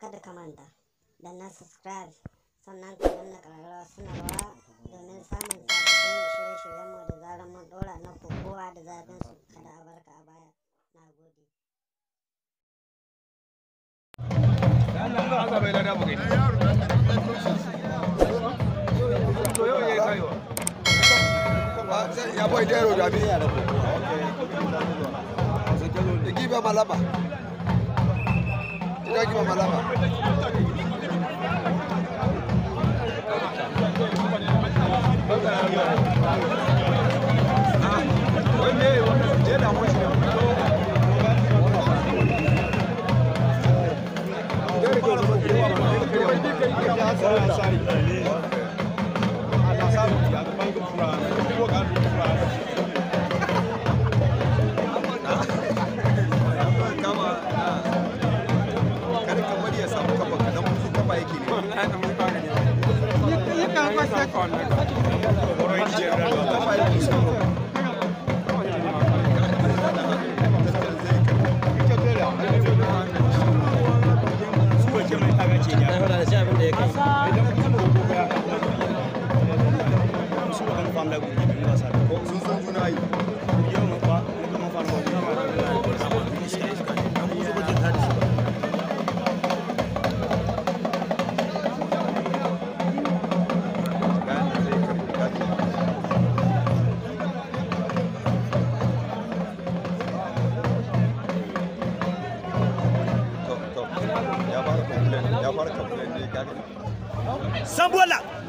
kada ka manta da na subscribe sannan ka danna suna sanarwa domin samun sabbin shirye-shiryenmu da zarar mun ɗora na kowa da zafin su kada a barka a baya na gode ya boy dero da bi da ko da malaba taki ba malama wanda ya yi wanda ya Yıkan başlar. ya fara